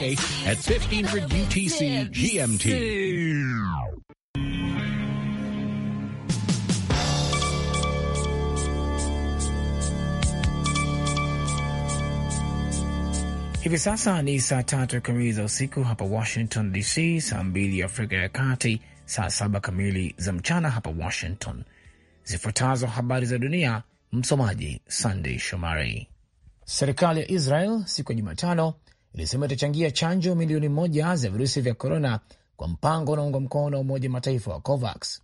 Friday at 1500 UTC GMT. Hivi sasa ni saa tatu kamili za usiku hapa Washington DC, saa mbili Afrika ya Kati, saa saba kamili za mchana hapa Washington. Zifuatazo habari za dunia, msomaji Sandey Shomari. Serikali ya Israel siku ya Jumatano ilisema itachangia chanjo milioni moja za virusi vya korona kwa mpango unaungwa mkono na Umoja wa Mataifa wa COVAX.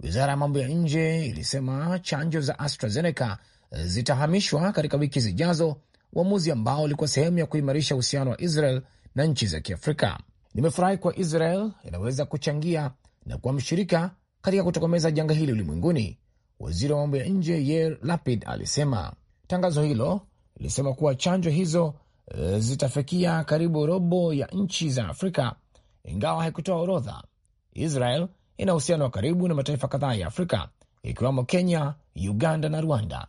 Wizara ya mambo ya nje ilisema chanjo za AstraZeneca zitahamishwa katika wiki zijazo, uamuzi ambao ulikuwa sehemu ya kuimarisha uhusiano wa Israel na nchi za Kiafrika. Nimefurahi kuwa Israel inaweza kuchangia na kuwa mshirika katika kutokomeza janga hili ulimwenguni, waziri wa mambo ya nje Yair Lapid alisema. Tangazo hilo lilisema kuwa chanjo hizo E, zitafikia karibu robo ya nchi za Afrika, ingawa haikutoa orodha. Israel ina uhusiano wa karibu na mataifa kadhaa ya Afrika ikiwemo Kenya, Uganda na Rwanda.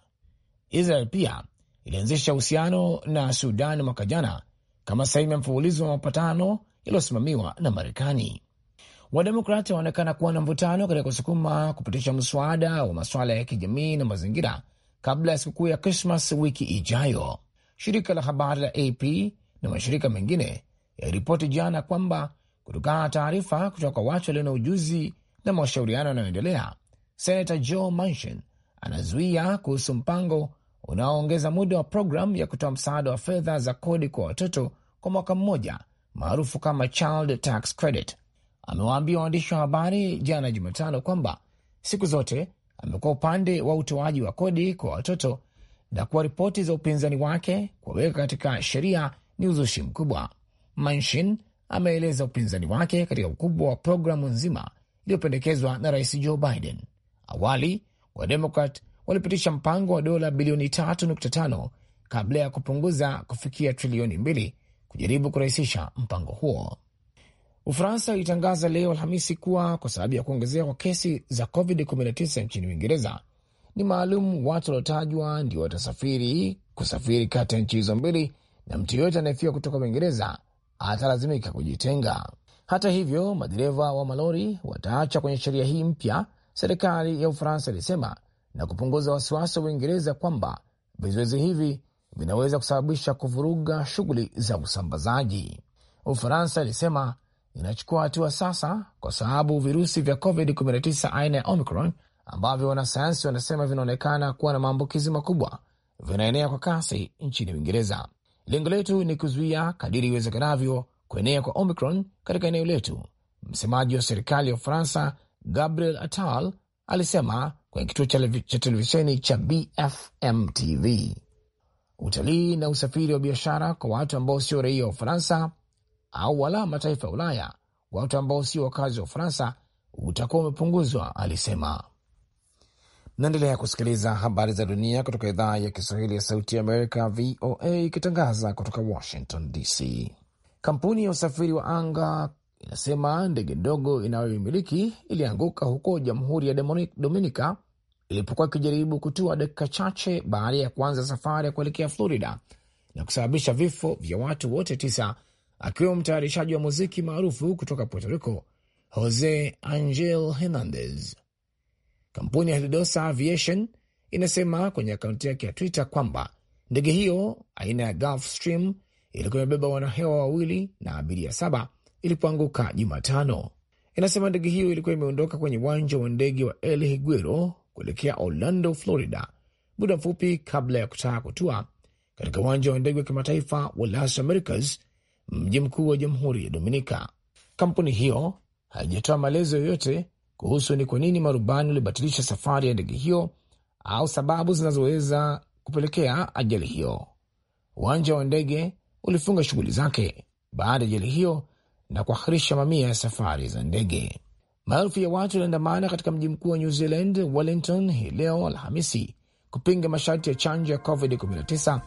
Israel pia ilianzisha uhusiano na Sudan mwaka jana kama sehemu ya mfululizo wa mapatano yaliyosimamiwa na Marekani. Wademokrati waonekana kuwa na mvutano katika kusukuma kupitisha mswada wa masuala ya kijamii na mazingira kabla ya sikukuu ya Krismas wiki ijayo. Shirika la habari la AP na mashirika mengine yaliripoti jana kwamba kutokana na taarifa kutoka kwa watu walio na ujuzi na mashauriano yanayoendelea, Senata Joe Manchin anazuia kuhusu mpango unaoongeza muda wa programu ya kutoa msaada wa fedha za kodi kwa watoto kwa mwaka mmoja maarufu kama Child Tax Credit. Amewaambia waandishi wa habari jana Jumatano kwamba siku zote amekuwa upande wa utoaji wa kodi kwa watoto na kuwa ripoti za upinzani wake kuwaweka katika sheria ni uzushi mkubwa. manshin ameeleza upinzani wake katika ukubwa wa programu nzima iliyopendekezwa na Rais Joe Biden. Awali Wademokrat walipitisha mpango wa dola bilioni 3.5 kabla ya kupunguza kufikia trilioni mbili kujaribu kurahisisha mpango huo. Ufaransa ilitangaza leo Alhamisi kuwa kwa sababu ya kuongezea kwa kesi za COVID-19 nchini Uingereza ni maalum, watu waliotajwa ndio watasafiri kusafiri kati ya nchi hizo mbili, na mtu yeyote anayefika kutoka Uingereza atalazimika kujitenga. Hata hivyo, madereva wa malori wataacha kwenye sheria hii mpya, serikali ya Ufaransa ilisema, na kupunguza wasiwasi wa Uingereza kwamba vizuizi hivi vinaweza kusababisha kuvuruga shughuli za usambazaji. Ufaransa ilisema inachukua hatua sasa, kwa sababu virusi vya COVID-19 aina ya Omicron ambavyo wanasayansi wanasema vinaonekana kuwa na maambukizi makubwa vinaenea kwa kasi nchini Uingereza. Lengo letu ni kuzuia kadiri iwezekanavyo kuenea kwa Omicron katika eneo letu, msemaji wa serikali ya Ufaransa Gabriel Attal alisema kwenye kituo cha televisheni cha BFM TV. Utalii na usafiri wa biashara kwa watu ambao sio raia wa Ufaransa au wala mataifa ya Ulaya, watu ambao sio wakazi wa Ufaransa, utakuwa umepunguzwa, alisema. Naendelea kusikiliza habari za dunia kutoka idhaa ya Kiswahili ya Sauti ya Amerika, VOA, ikitangaza kutoka Washington DC. Kampuni ya usafiri wa anga inasema ndege ndogo inayoimiliki ilianguka huko Jamhuri ya dominica ilipokuwa ikijaribu kutua dakika chache baada ya kuanza safari ya kuelekea Florida na kusababisha vifo vya watu wote tisa, akiwemo mtayarishaji wa muziki maarufu kutoka Puerto Rico Jose Angel Hernandez. Kampuni ya Hilidosa Aviation inasema kwenye akaunti yake ya Twitter kwamba ndege hiyo aina ya Gulf Stream ilikuwa imebeba wanahewa wawili na abiria saba ilipoanguka Jumatano. Inasema ndege hiyo ilikuwa imeondoka kwenye uwanja wa ndege wa El Higuero kuelekea Orlando, Florida, muda mfupi kabla ya kutaka kutua katika uwanja wa ndege wa kimataifa wa Las Americas, mji mkuu wa Jamhuri ya Dominika. Kampuni hiyo haijatoa maelezo yoyote kuhusu ni kwa nini marubani walibatilisha safari ya ndege hiyo au sababu zinazoweza kupelekea ajali hiyo. Uwanja wa ndege ulifunga shughuli zake baada ya ajali hiyo na kuahirisha mamia ya safari za ndege. Maelfu ya watu waliandamana katika mji mkuu wa New Zealand, Wellington, hii leo Alhamisi kupinga masharti ya chanjo ya COVID-19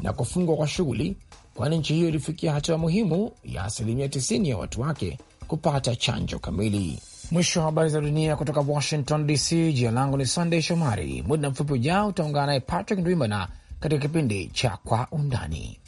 na kufungwa kwa shughuli, kwani nchi hiyo ilifikia hatua muhimu ya asilimia 90 ya watu wake kupata chanjo kamili. Mwisho wa habari za dunia kutoka Washington DC. Jina langu ni Sandey Shomari. Muda mfupi ujao utaungana naye Patrick Ndwimana katika kipindi cha Kwa Undani.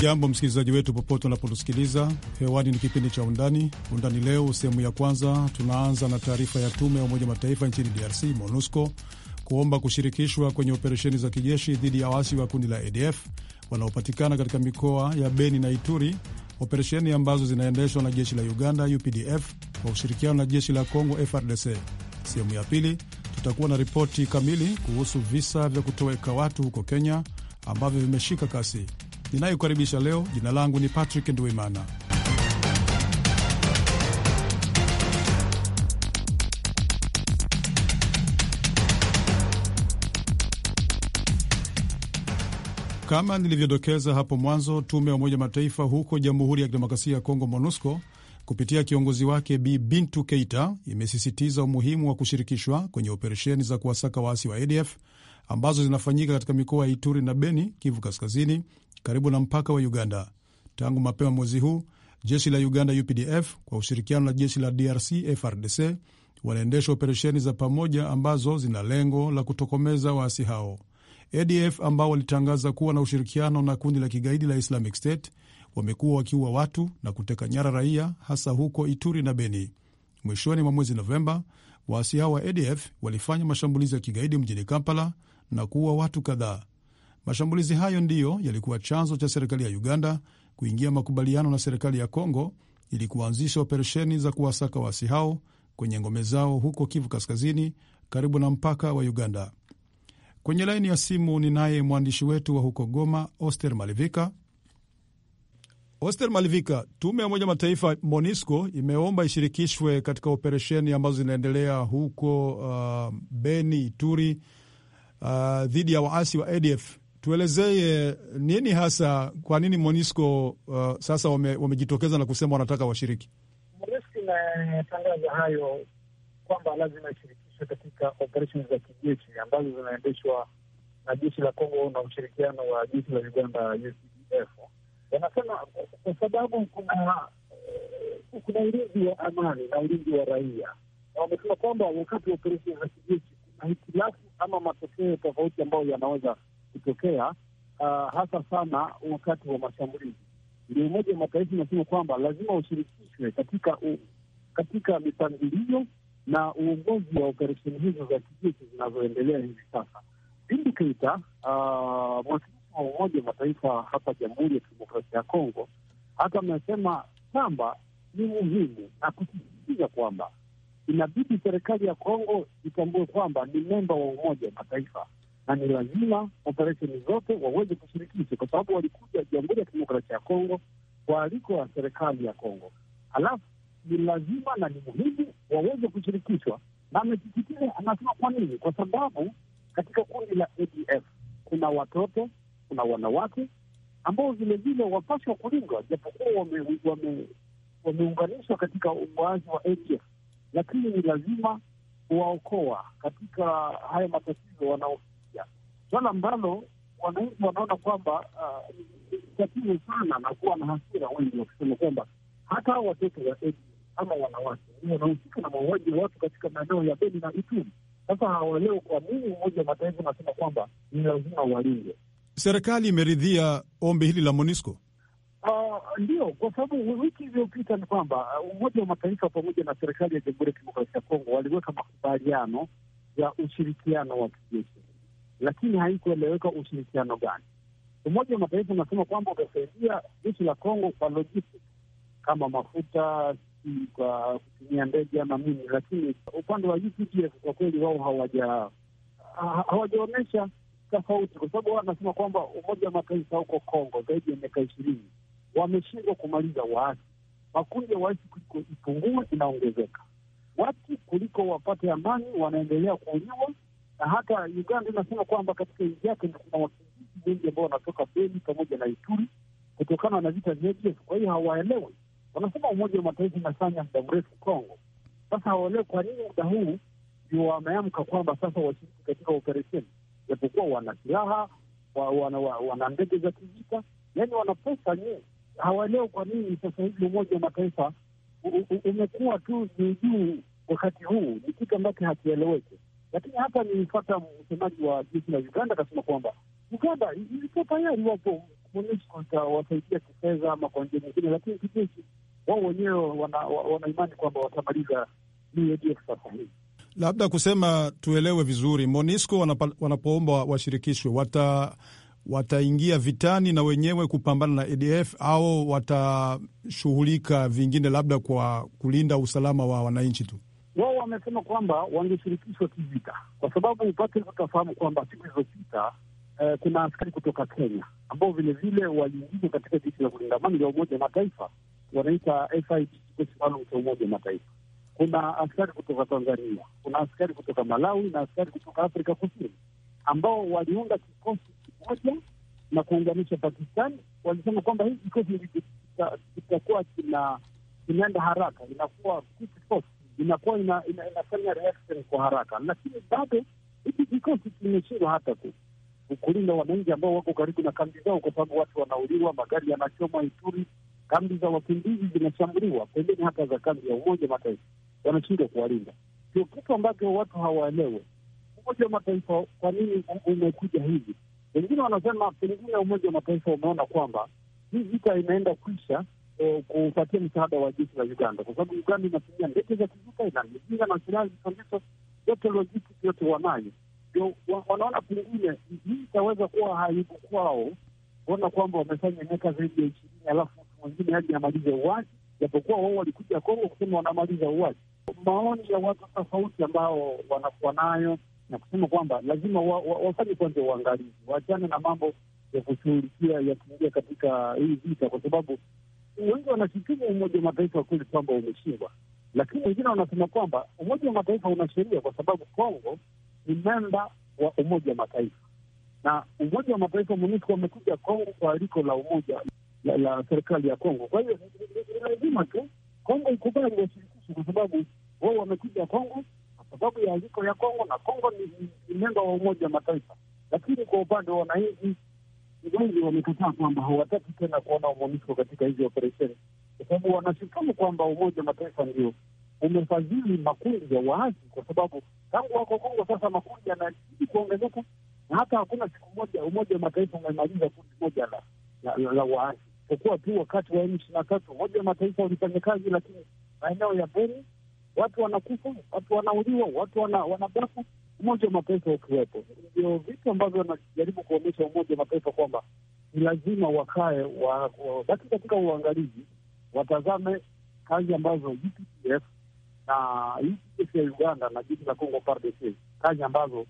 Hujambo msikilizaji wetu popote unapotusikiliza hewani, ni kipindi cha Undani. Undani leo sehemu ya kwanza, tunaanza na taarifa ya tume ya Umoja Mataifa nchini DRC MONUSCO kuomba kushirikishwa kwenye operesheni za kijeshi dhidi ya waasi wa kundi la ADF wanaopatikana katika mikoa ya Beni na Ituri, operesheni ambazo zinaendeshwa na jeshi la Uganda UPDF kwa ushirikiano na jeshi la congo FRDC. Sehemu ya pili tutakuwa na ripoti kamili kuhusu visa vya kutoweka watu huko Kenya ambavyo vimeshika kasi ninayokaribisha leo. Jina langu ni Patrick nduimana Kama nilivyodokeza hapo mwanzo, tume ya Umoja Mataifa huko Jamhuri ya Kidemokrasia ya Kongo, MONUSCO, kupitia kiongozi wake Bi Bintu Keita, imesisitiza umuhimu wa kushirikishwa kwenye operesheni za kuwasaka waasi wa ADF ambazo zinafanyika katika mikoa ya Ituri na Beni, Kivu Kaskazini, karibu na mpaka wa Uganda. Tangu mapema mwezi huu jeshi la Uganda UPDF kwa ushirikiano na jeshi la DRC FRDC wanaendesha operesheni za pamoja ambazo zina lengo la kutokomeza waasi hao. ADF ambao walitangaza kuwa na ushirikiano na kundi la kigaidi la Islamic State wamekuwa wakiua watu na kuteka nyara raia hasa huko Ituri na Beni. Mwishoni mwa mwezi Novemba, waasi hao wa ADF walifanya mashambulizi ya kigaidi mjini Kampala na kuua watu kadhaa. Mashambulizi hayo ndiyo yalikuwa chanzo cha serikali ya Uganda kuingia makubaliano na serikali ya Kongo ili kuanzisha operesheni za kuwasaka waasi hao kwenye ngome zao huko Kivu Kaskazini, karibu na mpaka wa Uganda. Kwenye laini ya simu ninaye mwandishi wetu wa huko Goma, Oster Malivika. Oster Malivika, tume ya Umoja Mataifa MONISCO imeomba ishirikishwe katika operesheni ambazo zinaendelea huko uh, Beni, Ituri, uh, dhidi ya waasi wa ADF tuelezee eh, nini hasa, kwa nini MONUSCO uh, sasa wamejitokeza wame na kusema wanataka washiriki. MONUSCO imetangaza hayo kwamba lazima ishirikishwe katika operesheni za kijeshi ambazo zinaendeshwa na jeshi la Kongo na ushirikiano wa jeshi la Uganda UCDF. Wanasema kwa sababu kuna eh, kuna ulinzi wa amani na ulinzi wa raia, na wamesema kwamba wakati wa operesheni za kijeshi kuna hitilafu ama matokeo tofauti ambayo yanaweza kutokea uh, hasa sana wakati wa mashambulizi. Ndio Umoja wa Mataifa inasema kwamba lazima ushirikishwe katika u, katika mipangilio na uongozi wa operesheni hizo za kijeshi zinazoendelea hivi sasa. Indikata uh, ah, mwakilishi wa Umoja wa Mataifa hapa Jamhuri ya Kidemokrasia ya Kongo hata amesema kwamba ni muhimu na kusisitiza kwamba inabidi serikali ya Kongo itambue kwamba ni memba wa Umoja wa Mataifa na ni lazima operesheni zote waweze kushirikishwa, kwa sababu walikuja Jamhuri ya Kidemokrasia ya Kongo kwa aliko wa serikali ya Kongo. Halafu ni lazima na ni muhimu waweze kushirikishwa, na amesisitiza, anasema kwa nini? Kwa sababu katika kundi la ADF kuna watoto, kuna wanawake ambao vilevile wapashwa kulindwa, japokuwa wameunganishwa wame, wame katika uwazi wa ADF, lakini ni lazima kuwaokoa katika haya matatizo wanao swala ambalo wananchi wanaona kwamba uh, tatizo sana na kuwa na hasira wengi, wakisema kwamba hata hao watoto wa ama wanawake wanahusika na mauaji ya watu katika maeneo ya Beni na Ituri. Sasa hawaleo kwa nini Umoja wa Mataifa unasema kwamba ni lazima walinde. Serikali imeridhia ombi hili la MONUSCO. Uh, ndio kwa sababu wiki iliyopita ni kwamba uh, Umoja wa Mataifa pamoja na serikali ya Jamhuri ya Kidemokrasia ya Kongo waliweka makubaliano ya ushirikiano wa kijeshi lakini haikueleweka ushirikiano gani. Umoja wa Mataifa unasema kwamba utasaidia jeshi la Kongo kwa logistics kama mafuta kwa kutumia ndege ama nini, lakini upande wa UPDF kwa kweli wao hawaja hawajaonyesha tofauti, kwa sababu wao wanasema kwamba Umoja wa Mataifa huko Kongo zaidi ya miaka ishirini wameshindwa kumaliza waasi. Makundi ya waasi kuliko ipungua, inaongezeka. Watu kuliko wapate amani, wanaendelea kuuliwa na hata Uganda inasema kwamba katika nchi yake kuna wakimbizi wengi ambao wanatoka Beni pamoja na Ituri kutokana na vita vya jeshi. Kwa hiyo hawaelewi, wanasema Umoja wa Mataifa inafanya muda mrefu Kongo. Sasa hawaelewi kwa nini muda huu ndio wameamka kwamba sasa washiriki katika operesheni, japokuwa wana silaha, wana ndege za kivita, yani wana pesa nyingi. Hawaelewi kwa nini sasa hivi Umoja wa Mataifa umekuwa tu juu juu wakati huu, ni kitu ambacho hakieleweki. Lakini hapa nilipata msemaji wa jeshi la Uganda akasema kwamba Uganda ilikuwa tayari wapo MONUSCO itawasaidia kifedha ama kwa njia nyingine, lakini kijeshi wao wenyewe wanaimani wana kwamba watamaliza ADF sasa hivi. Labda kusema tuelewe vizuri, MONUSCO wanapoomba washirikishwe wata wataingia vitani na wenyewe kupambana na ADF au watashughulika vingine, labda kwa kulinda usalama wa wananchi tu? wao wamesema kwamba wangeshirikishwa kivita, kwa sababu upate utafahamu kwamba siku zilizopita eh, kuna askari kutoka Kenya ambao vilevile waliingizwa katika jeshi la kulinda amani la Umoja Mataifa, wanaita FIB, kikosi maalum cha Umoja Mataifa. Kuna askari kutoka Tanzania, kuna askari kutoka Malawi na askari kutoka Afrika Kusini ambao waliunda kikosi kimoja na kuunganisha Pakistan. Walisema kwamba hii kikosi kitakuwa kinaenda haraka, inakuwa kikosi inakuwa ina, ina, inafanya reaction kwa haraka, lakini bado hiki kikosi kimeshindwa hata ku kulinda wananchi ambao wako karibu na kambi zao, kwa sababu watu wanauliwa, magari yanachomwa Ituri, kambi za wakimbizi zinashambuliwa, pengine hata za kambi ya Umoja wa Mataifa wanashindwa kuwalinda. Ndio kitu ambacho watu hawaelewe. Umoja wa Mataifa kwa nini umekuja hivi? Wengine wanasema pengine Umoja wa Mataifa umeona kwamba hii vita inaenda kuisha eh, msaada wa jeshi la Uganda, kwa sababu Uganda inatumia ndege za kivita, ina mizinga na silaha zilizoandikwa yote, lojiki yote wanayo. Ndio wanaona pengine hii itaweza kuwa aibu kwao kuona kwamba wamefanya miaka zaidi ya ishirini, alafu mtu mwingine hadi amalize uwazi, japokuwa wao walikuja Kongo kusema wanamaliza uwazi Maoni ya watu tofauti ambao wanakuwa nayo na kusema kwamba lazima wafanye kwanza uangalizi, waachane na mambo ya kushughulikia ya kuingia katika hii vita, kwa sababu wengi wanashutumu Umoja wa Mataifa kweli kwamba umeshindwa, lakini wengine wanasema kwamba Umoja wa Mataifa una sheria, kwa sababu Kongo ni memba wa Umoja wa Mataifa na Umoja wa Mataifa MONUSCO wamekuja Kongo kwa aliko la umoja la, la serikali ya Kongo. Kwa hiyo ni lazima tu Kongo ikubali washirikishi, kwa sababu wao wamekuja Kongo kwa sababu ya aliko ya Kongo, na Kongo ni memba wa Umoja wa Mataifa. Lakini kwa upande wa wananchi wengi wamekataa kwamba hawataki tena kuona MONUSCO katika hizi operesheni, kwa sababu wanashutumu kwamba Umoja wa Mataifa ndio umefadhili makundi ya waasi, kwa sababu tangu wako Kongo sasa makundi yanazidi kuongezeka, na hata hakuna siku moja Umoja wa Mataifa umemaliza kundi moja la, la, la, la waasi isipokuwa tu wakati wa M ishirini na tatu Umoja wa Mataifa ulifanya kazi, lakini maeneo ya Beni watu wanakufa, watu wanauliwa, watu wanabakwa wana Umoja wa Mataifa ukiwepo, ndio vitu ambavyo wanajaribu kuonyesha Umoja wa Mataifa kwamba ni lazima wakae wabaki wa, katika uangalizi, watazame kazi ambazo UPDF e na UPDF e ya Uganda na jeshi la Congo FARDC, kazi ambazo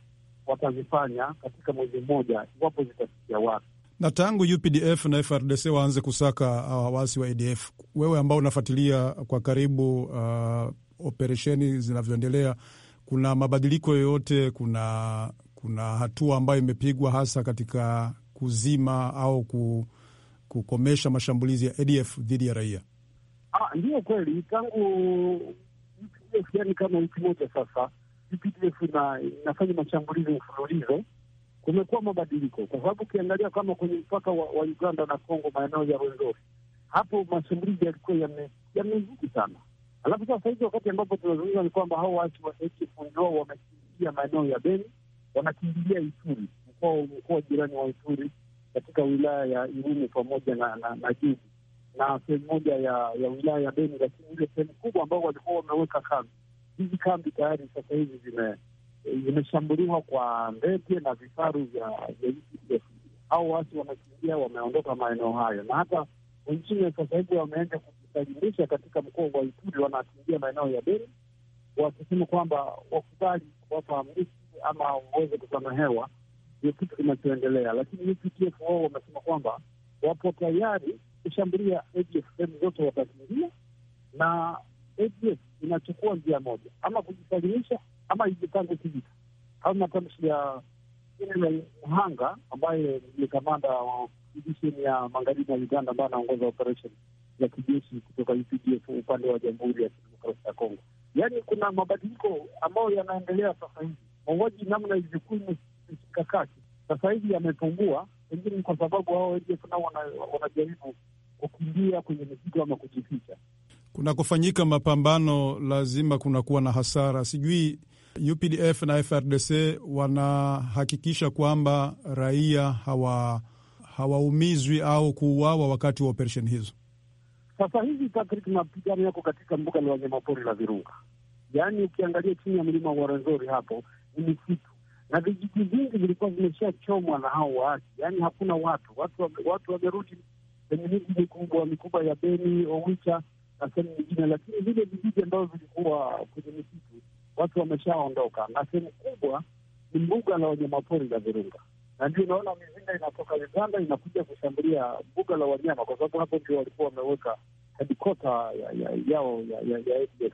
watazifanya katika mwezi mmoja, iwapo zitafikia watu na tangu UPDF na FRDC waanze kusaka uh, waasi wa ADF, wewe ambao unafuatilia kwa karibu uh, operesheni zinavyoendelea kuna mabadiliko yoyote, kuna kuna hatua ambayo imepigwa hasa katika kuzima au kukomesha mashambulizi ya ADF dhidi ya raia? Ah, ndiyo kweli, tangu yani kama wiki moja sasa UPDF inafanya mashambulizi mfululizo. Kumekuwa mabadiliko kwa sababu ukiangalia kama kwenye mpaka wa, wa Uganda na Kongo maeneo ya Rwenzori hapo mashambulizi yalikuwa yamezidi sana Alafu sasa hivi wakati ambapo tunazungumza ni kwamba hao watu wa acf wamekimbilia maeneo ya Beni, wanakimbilia Ituri, mkoa wa jirani wa Ituri, katika wilaya ya Irumu pamoja na na, na Jugu na sehemu moja ya ya wilaya ya Beni, lakini ile sehemu kubwa ambao walikuwa wameweka kambi, hizi kambi tayari sasa hivi zime zimeshambuliwa kwa ndege na vifaru vya ACF. Hao watu wamekimbia, wameondoka maeneo hayo, na hata wengine sasa hivi wameenda watajumuisha katika mkoa wa Ituri, wanakimbia maeneo ya Beni wakisema kwamba wakubali kuwapa mlisi ama waweze kusamehewa. Ndio kitu kinachoendelea, lakini UPDF wao wamesema kwamba wapo tayari kushambulia ADF, sehemu zote watakimbia, na ADF inachukua njia moja, ama kujisalimisha ama ijipange kivita. Hayo matamshi ya Mhanga ambaye ni kamanda wa divisheni ya magharibi ya Uganda ambaye anaongoza operesheni za kijeshi kutoka UPDF upande wa Jamhuri ya Kidemokrasia ya Kongo. Yaani kuna mabadiliko ambayo yanaendelea sasa hivi. Mauaji namna ilivyokuwa imekakati sasa hivi yamepungua, pengine kwa sababu hao ADF nao wanajaribu kukimbia kwenye misitu ama kujificha. Kuna kufanyika mapambano, lazima kunakuwa na hasara. Sijui UPDF na FRDC wanahakikisha kwamba raia hawa hawaumizwi au kuuawa wakati wa operesheni hizo. Sasa hivi takriban mapigano yako katika mbuga la wanyamapori la Virunga, yaani ukiangalia chini ya mlima wa Rwenzori hapo ni misitu na vijiji vingi vilikuwa vimeshachomwa na hao waasi, yaani hakuna watu watu watu wamerudi kwenye miji mikubwa mikubwa ya Beni, Owicha na sehemu nyingine, lakini vile vijiji ambavyo vilikuwa kwenye misitu watu wameshaondoka, na sehemu kubwa ni mbuga la wanyamapori la Virunga na ndio unaona mizinga inatoka Uganda inakuja kushambulia mbuga la wanyama, kwa sababu hapo ndio walikuwa wameweka hedikota ya, ya, yao ya, ya, ya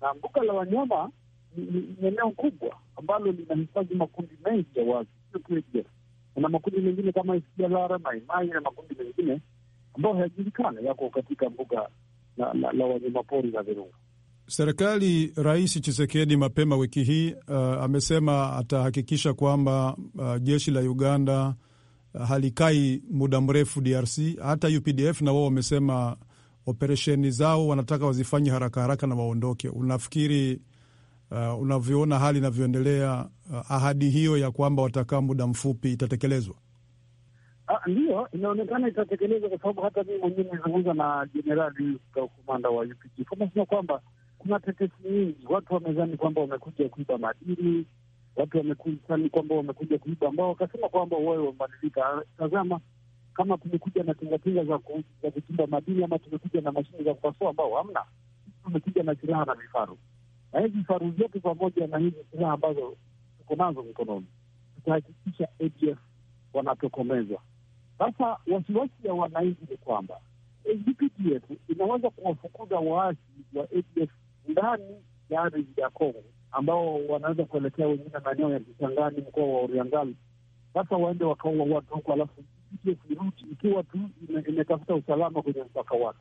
Na mbuga la wanyama ni eneo kubwa ambalo linahifadhi makundi mengi ya wazi sio tu ADF. Kuna makundi mengine kama Isialara, Maimai na makundi mengine ambayo hayajulikana yako katika mbuga la, la, la wanyamapori la Virunga. Serikali Rais Chisekedi mapema wiki hii uh, amesema atahakikisha kwamba uh, jeshi la Uganda uh, halikai muda mrefu DRC. Hata UPDF na wao wamesema operesheni zao wanataka wazifanye haraka haraka na waondoke. Unafikiri uh, unavyoona hali inavyoendelea, uh, ahadi hiyo ya kwamba watakaa muda mfupi itatekelezwa? Ah, Ndiyo, inaonekana itatekelezwa, kwa sababu hata mii mwenyewe nimezungumza na jenerali, kamanda wa UPDF, anasema kwamba kuna tetesi nyingi. Watu wamezani kwamba wamekuja kuiba madini, watu wamezani kwamba wamekuja kuiba ambao wakasema kwamba wao wamebadilika. Tazama, kama tumekuja na tingatinga za kuchimba madini ama tumekuja na mashine za kupasua ambao hamna, tumekuja na silaha na vifaru, na hizi vifaru vyote pamoja na hizi silaha ambazo tuko nazo mikononi, tutahakikisha ADF wanatokomezwa. Sasa wasiwasi ya wananchi ni kwamba SDPDF inaweza kuwafukuza waasi wa ADF ndani ya ardhi ya Kongo ambao wanaweza kuelekea wengine maeneo ya Kisangani, mkoa wa Oriental. Sasa waende wakaua watu huko, alafu irudi ikiwa tu imetafuta usalama kwenye mpaka wake,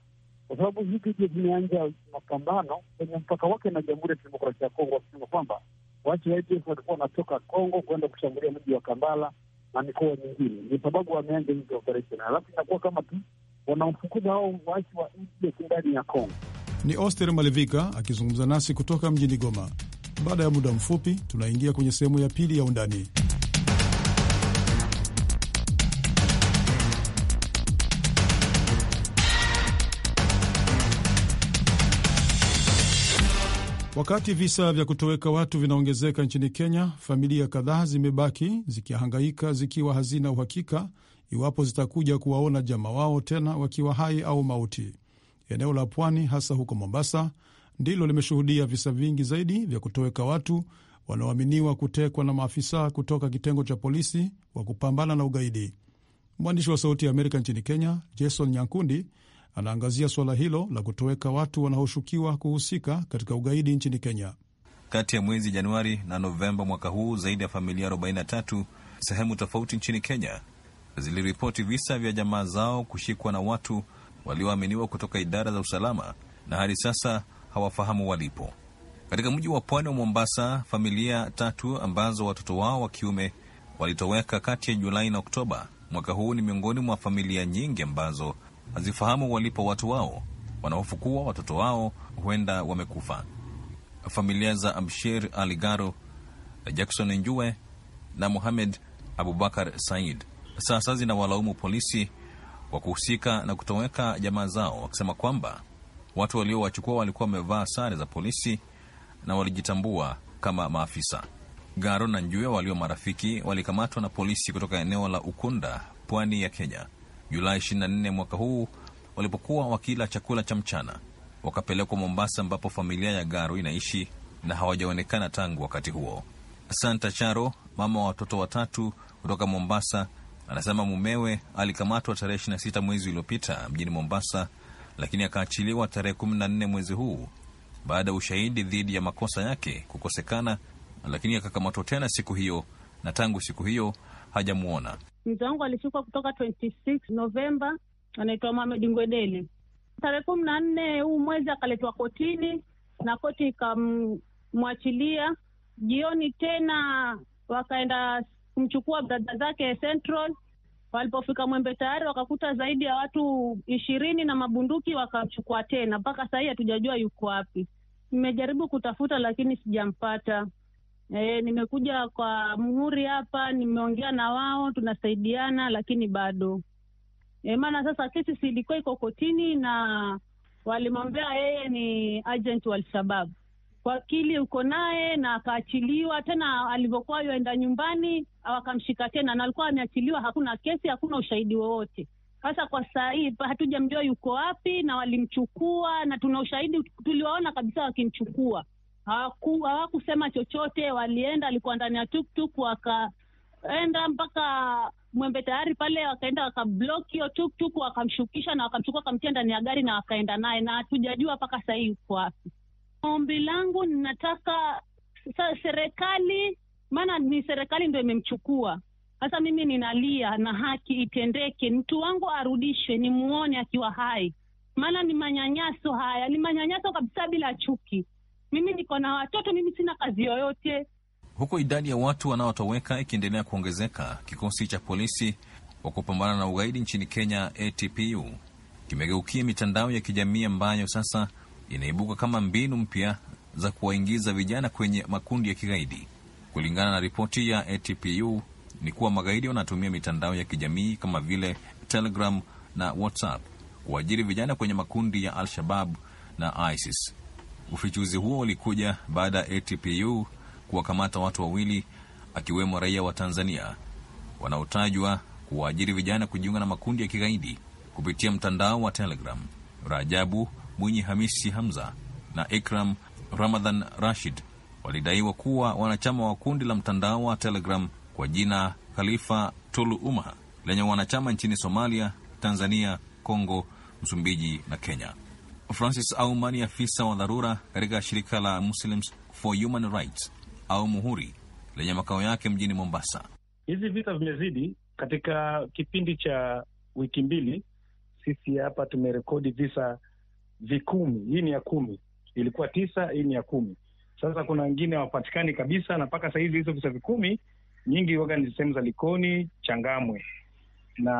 kwa sababu hii zimeanja mapambano kwenye mpaka wake na Jamhuri ya Kidemokrasia ya Kongo, wakisema kwamba waasi wa ADF walikuwa wanatoka Kongo kuenda kushambulia mji wa Kambala na mikoa mingine, ni sababu wameanja hizi operesheni, alafu inakuwa kama tu wanaofukuza hao waasi wa ADF ndani ya Kongo. Ni Oster Malevika akizungumza nasi kutoka mjini Goma. Baada ya muda mfupi, tunaingia kwenye sehemu ya pili ya Undani. Wakati visa vya kutoweka watu vinaongezeka nchini Kenya, familia kadhaa zimebaki zikihangaika zikiwa hazina uhakika iwapo zitakuja kuwaona jamaa wao tena wakiwa hai au mauti. Eneo la pwani hasa huko Mombasa ndilo limeshuhudia visa vingi zaidi vya kutoweka watu wanaoaminiwa kutekwa na maafisa kutoka kitengo cha polisi wa kupambana na ugaidi. Mwandishi wa Sauti ya Amerika nchini Kenya, Jason Nyankundi, anaangazia suala hilo la kutoweka watu wanaoshukiwa kuhusika katika ugaidi nchini Kenya. Kati ya mwezi Januari na Novemba mwaka huu, zaidi ya familia 43 sehemu tofauti nchini Kenya ziliripoti visa vya jamaa zao kushikwa na watu walioaminiwa kutoka idara za usalama na hadi sasa hawafahamu walipo. Katika mji wa pwani wa Mombasa, familia tatu ambazo watoto wao wa kiume walitoweka kati ya Julai na Oktoba mwaka huu ni miongoni mwa familia nyingi ambazo hazifahamu walipo watu wao, wanahofu kuwa watoto wao huenda wamekufa. Familia za Abshir Ali Garo, Jackson Njue na muhamed Abubakar Said sasa zinawalaumu polisi kwa kuhusika na kutoweka jamaa zao, wakisema kwamba watu waliowachukua walikuwa wamevaa sare za polisi na walijitambua kama maafisa. Garo na Njue walio marafiki walikamatwa na polisi kutoka eneo la Ukunda, pwani ya Kenya, Julai 24 mwaka huu walipokuwa wakila chakula cha mchana. Wakapelekwa Mombasa ambapo familia ya Garo inaishi na hawajaonekana tangu wakati huo. Santa Charo, mama wa watoto watatu kutoka Mombasa, Anasema mumewe alikamatwa tarehe 26 mwezi uliopita mjini Mombasa, lakini akaachiliwa tarehe 14 mwezi huu baada ya ushahidi dhidi ya makosa yake kukosekana, lakini akakamatwa tena siku hiyo na tangu siku hiyo hajamwona. Mzee wangu alishikwa kutoka 26 Novemba, anaitwa Mohamed Ngwedeli. Tarehe kumi na nne huu mwezi akaletwa kotini na koti ikamwachilia. Jioni tena wakaenda kumchukua brada zake Central. Walipofika Mwembe tayari wakakuta zaidi ya watu ishirini na mabunduki wakamchukua tena, mpaka sahii hatujajua yuko wapi. Nimejaribu kutafuta lakini sijampata. E, nimekuja kwa Muhuri hapa, nimeongea na wao, tunasaidiana lakini bado e, maana sasa kesi si ilikuwa iko kotini na walimwambia yeye ni agent wa Alshababu wakili uko naye na akaachiliwa tena. Alivyokuwa yoenda nyumbani wakamshika tena, na alikuwa ameachiliwa, hakuna kesi, hakuna ushahidi wowote. Sasa kwa saa hii hatujamjua yuko wapi, na walimchukua na tuna ushahidi, tuliwaona kabisa wakimchukua. Hawakusema chochote, walienda, alikuwa ndani ya tuktuk, wakaenda mpaka Mwembe Tayari pale, wakaenda wakablok hiyo tuktuk, wakamshukisha na wakamchukua, wakamtia ndani ya gari na wakaenda naye, na hatujajua mpaka saa hii yuko wapi. Ombi langu ninataka serikali, maana ni serikali ndo imemchukua sasa. Mimi ninalia na haki itendeke, mtu wangu arudishwe, nimuone akiwa hai, maana ni manyanyaso haya, ni manyanyaso kabisa, bila chuki. Mimi niko na watoto, mimi sina kazi yoyote. Huku idadi ya watu wanaotoweka ikiendelea kuongezeka, kikosi cha polisi wa kupambana na ugaidi nchini Kenya, ATPU, kimegeukia mitandao ya kijamii ambayo sasa inaibuka kama mbinu mpya za kuwaingiza vijana kwenye makundi ya kigaidi. Kulingana na ripoti ya ATPU ni kuwa magaidi wanatumia mitandao ya kijamii kama vile Telegram na WhatsApp kuajiri vijana kwenye makundi ya Al-Shabab na ISIS. Ufichuzi huo ulikuja baada ya ATPU kuwakamata watu wawili akiwemo raia wa Tanzania wanaotajwa kuwaajiri vijana kujiunga na makundi ya kigaidi kupitia mtandao wa Telegram. Rajabu Mwinyi Hamisi Hamza na Ikram Ramadhan Rashid walidaiwa kuwa wanachama wa kundi la mtandao wa Telegram kwa jina Khalifa Tulu Umaha lenye wanachama nchini Somalia, Tanzania, Kongo, Msumbiji na Kenya. Francis Auma ni afisa wa dharura katika shirika la Muslims for Human Rights au Muhuri lenye makao yake mjini Mombasa. Hizi vita vimezidi katika kipindi cha wiki mbili, sisi hapa tumerekodi visa vikumi. Hii ni ya kumi, ilikuwa tisa, hii ni ya kumi. Sasa kuna wengine hawapatikani kabisa, na mpaka sahizi hizo visa vikumi nyingi waga ni sehemu za Likoni, Changamwe, na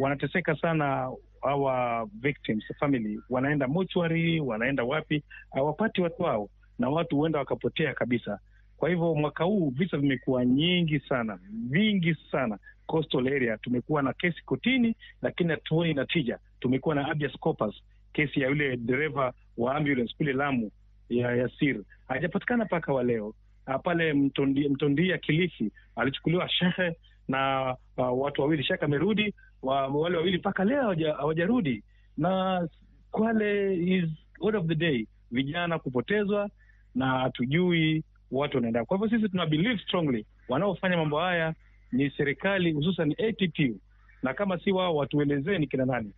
wanateseka sana hawa victims family. Wanaenda mochwari, wanaenda wapi, hawapati watu wao, na watu huenda wakapotea kabisa. Kwa hivyo mwaka huu visa vimekuwa nyingi sana, vingi sana coastal area. Tumekuwa na kesi kotini, lakini hatuoni natija. Tumekuwa na habeas corpus kesi ya yule dereva wa ambulance kule Lamu ya Yasir hajapatikana mpaka wa leo. Ah, pale Mtondia, Mtondia Kilifi alichukuliwa shehe na uh, watu wawili, shehe amerudi wa, wale wawili mpaka leo hawajarudi. Na Kwale is of the day, vijana kupotezwa na hatujui watu wanaenda. Kwa hivyo sisi tuna believe strongly wanaofanya mambo haya ni serikali, hususan ATPU, na kama si wao watuelezee ni kina nani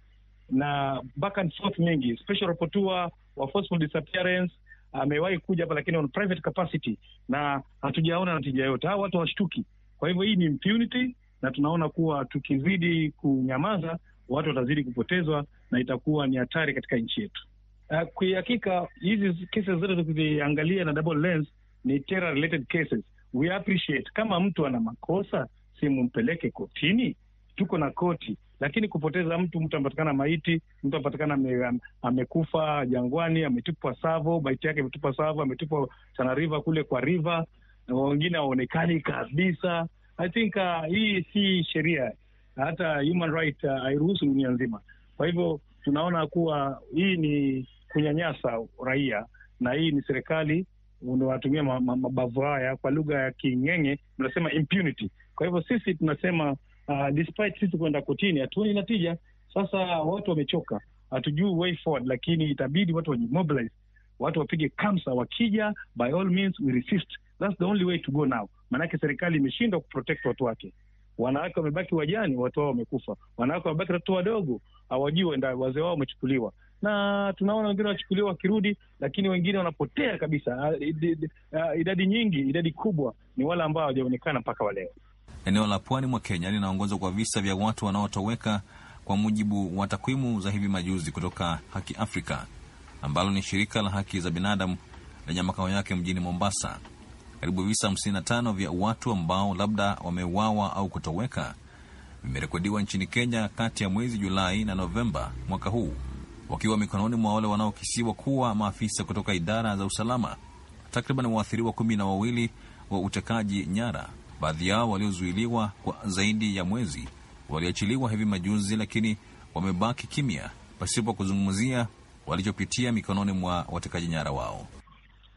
na back and forth mingi. Special rapporteur wa forceful disappearance amewahi kuja hapa, lakini on private capacity, na hatujaona natija yote. Hawa watu washtuki Kwa hivyo hii ni impunity, na tunaona kuwa tukizidi kunyamaza watu watazidi kupotezwa na itakuwa ni hatari katika nchi yetu. Uh, kwa hizi kesi zote tukiziangalia na double lens ni terror related cases. We appreciate kama mtu ana makosa simumpeleke kotini, tuko na koti lakini kupoteza mtu, mtu amepatikana maiti, mtu amepatikana ame, amekufa jangwani, ametupwa Savo, maiti yake ametupwa Savo, ametupwa sanariva kule kwa riva wengine haonekani kabisa. I think uh, hii si sheria, hata human right uh, hairuhusu uh, dunia nzima. Kwa hivyo tunaona kuwa hii ni kunyanyasa raia na hii ni serikali unawatumia mabavu haya, kwa lugha ya King'eng'e mnasema impunity. Kwa hivyo sisi tunasema uh, despite sisi kwenda kotini hatuoni natija. Sasa watu wamechoka, hatujui way forward, lakini itabidi watu wajimobilize, watu wapige kamsa. Wakija by all means we resist, that's the only way to go now, maanake serikali imeshindwa kuprotect watu wake. Wanawake wamebaki wajani, watu wao wamekufa. Wanawake wamebaki watoto wadogo, hawajui wenda wazee wao wamechukuliwa na tunaona wengine wachukuliwa wakirudi, lakini wengine wanapotea kabisa. Uh, idadi nyingi, idadi kubwa ni wale ambao hawajaonekana mpaka wa leo. Eneo la pwani mwa Kenya linaongoza kwa visa vya watu wanaotoweka kwa mujibu wa takwimu za hivi majuzi kutoka Haki afrika ambalo ni shirika la haki za binadamu lenye makao yake mjini Mombasa. Karibu visa 55 vya watu ambao labda wameuawa au kutoweka vimerekodiwa nchini Kenya kati ya mwezi Julai na Novemba mwaka huu, wakiwa mikononi mwa wale wanaokisiwa kuwa maafisa kutoka idara za usalama. Takriban waathiriwa kumi na wawili wa utekaji nyara Baadhi yao waliozuiliwa kwa zaidi ya mwezi waliachiliwa hivi majuzi, lakini wamebaki kimya pasipo kuzungumzia walichopitia mikononi mwa watekaji nyara wao.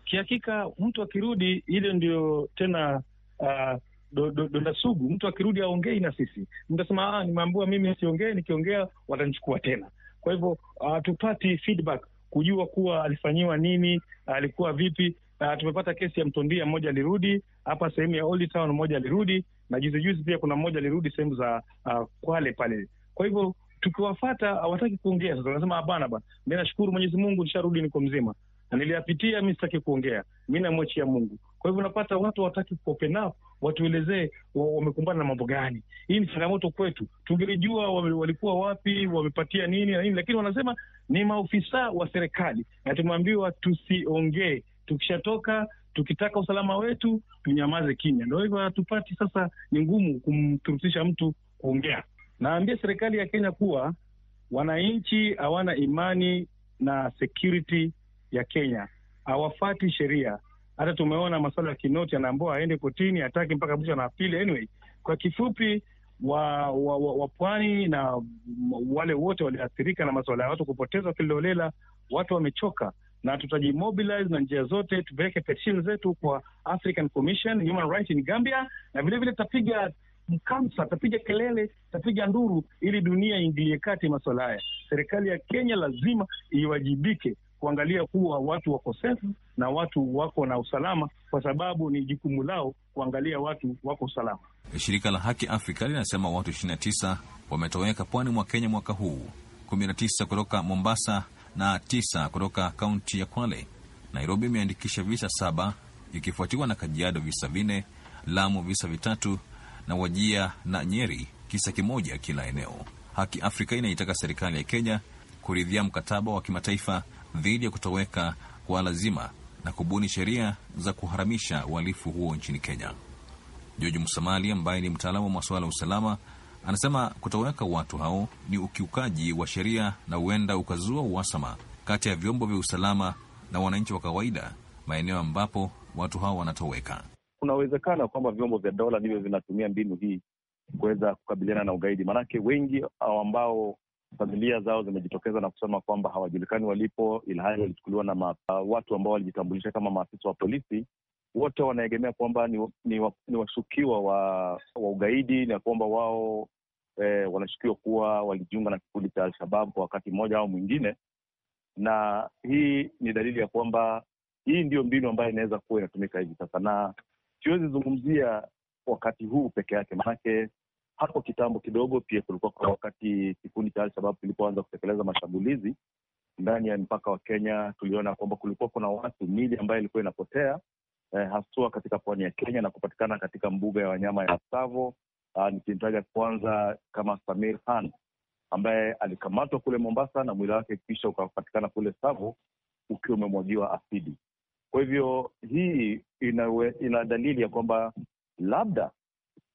Kihakika mtu akirudi, ile ndio tena uh, ah, donda do, do sugu. Mtu akirudi aongei na sisi, mtasema ah, nimeambiwa mimi siongee, nikiongea watanichukua tena. Kwa hivyo ah, hatupati uh, feedback kujua kuwa alifanyiwa nini, alikuwa vipi. Uh, tumepata kesi ya Mtondia, mmoja alirudi hapa sehemu ya Old Town, mmoja alirudi na juzi juzi pia kuna mmoja alirudi sehemu za uh, Kwale pale. Kwa hivyo tukiwafata hawataki kuongea. Sasa wanasema hapana bana, mi nashukuru Mwenyezi Mungu nisharudi, niko mzima, niliyapitia, mi sitaki kuongea, mi namwachia Mungu. Kwa hivyo unapata watu hawataki kuopen up, watuelezee wamekumbana na mambo gani. Hii ni changamoto kwetu, tungelijua walikuwa wapi, wamepatia nini na nini, lakini wanasema ni maofisa wa serikali na tumeambiwa tusiongee Tukishatoka tukitaka usalama wetu tunyamaze kinya ndo hivyo hatupati. Sasa ni ngumu kumturutisha mtu kuongea. Naambia serikali ya Kenya kuwa wananchi hawana imani na security ya Kenya, hawafati sheria. Hata tumeona masuala ya Kinoti anaambao aende kotini, hataki mpaka mwisho na apili. Anyway, kwa kifupi wa, wa, wa, wa pwani na wale wote walioathirika na masuala ya watu kupotezwa kiholela, watu wamechoka na tutajimobilize na njia zote, tupeleke petition zetu kwa African Commission Human Rights in Gambia, na vilevile tutapiga mkamsa, tutapiga kelele, tutapiga nduru ili dunia iingilie kati masuala haya. Serikali ya Kenya lazima iwajibike kuangalia kuwa watu wako safe na watu wako na usalama, kwa sababu ni jukumu lao kuangalia watu wako salama. Shirika la Haki Afrika linasema watu 29 wametoweka pwani mwa Kenya mwaka huu, 19 kutoka Mombasa na tisa kutoka kaunti ya Kwale. Nairobi imeandikisha visa saba ikifuatiwa na Kajiado visa vinne, Lamu visa vitatu na Wajia na Nyeri kisa kimoja kila eneo. Haki Afrika inaitaka serikali ya Kenya kuridhia mkataba wa kimataifa dhidi ya kutoweka kwa lazima na kubuni sheria za kuharamisha uhalifu huo nchini Kenya. George Musamali ambaye ni mtaalamu wa masuala ya usalama Anasema kutoweka watu hao ni ukiukaji wa sheria na huenda ukazua uhasama kati ya vyombo vya usalama na wananchi wa kawaida maeneo ambapo watu hao wanatoweka. Kunawezekana kwamba vyombo vya dola ndivyo vinatumia mbinu hii kuweza kukabiliana na ugaidi, maanake wengi ambao familia zao zimejitokeza na kusema kwamba hawajulikani walipo, ilhali walichukuliwa na ma, uh, watu ambao walijitambulisha kama maafisa wa polisi, wote wanaegemea kwamba ni, ni, ni washukiwa wa, wa ugaidi na kwamba wao e, wanashukiwa kuwa walijiunga na kikundi cha Alshabab kwa wakati mmoja au mwingine, na hii ni dalili ya kwamba hii ndiyo mbinu ambayo inaweza kuwa inatumika hivi sasa, na siwezi zungumzia wakati huu peke yake, maanake hapo kitambo kidogo pia kulikuwa kwa wakati kikundi cha Alshabab kilipoanza kutekeleza mashambulizi ndani ya mpaka wa Kenya, tuliona kwamba kulikuwa kuna watu, mili ambayo ilikuwa inapotea eh, haswa katika pwani ya Kenya na kupatikana katika mbuga ya wanyama ya Tsavo. Uh, nikimtaja kwanza kama Samir Khan ambaye alikamatwa kule Mombasa na mwili wake kisha ukapatikana kule Tsavo ukiwa umemwagiwa asidi. Kwa hivyo hii inawe, ina dalili ya kwamba labda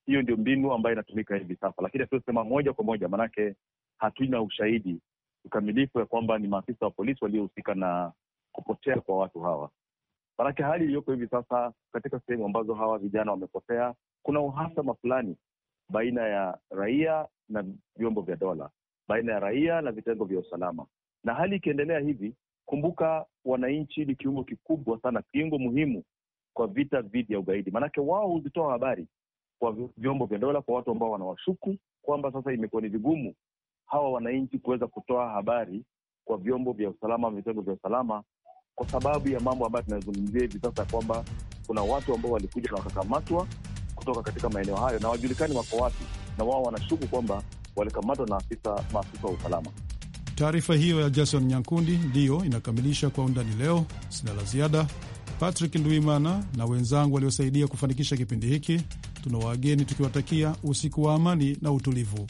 hiyo ndio mbinu ambayo inatumika hivi sasa, lakini hatuosema moja kwa moja, maanake hatuna ushahidi ukamilifu ya kwamba ni maafisa wa polisi waliohusika na kupotea kwa watu hawa. Maanake hali iliyoko hivi sasa katika sehemu ambazo hawa vijana wamekosea, kuna uhasama fulani baina ya raia na vyombo vya dola, baina ya raia na vitengo vya usalama. Na hali ikiendelea hivi, kumbuka, wananchi ni kiungo kikubwa sana, kiungo muhimu kwa vita dhidi ya ugaidi, maanake wao huzitoa habari kwa vyombo vya dola, kwa watu ambao wanawashuku kwamba sasa imekuwa ni vigumu hawa wananchi kuweza kutoa habari kwa vyombo vya usalama, vitengo vya usalama, kwa sababu ya mambo ambayo tunazungumzia hivi sasa, kwamba kuna watu ambao walikuja na wakakamatwa kutoka katika maeneo hayo na wajulikani wako wapi, na wao wanashuku kwamba walikamatwa na afisa maafisa wa usalama. Taarifa hiyo ya Jason Nyankundi ndiyo inakamilisha Kwa Undani leo. Sina la ziada. Patrick nduimana na wenzangu waliosaidia kufanikisha kipindi hiki, tuna wageni tukiwatakia usiku wa amani na utulivu.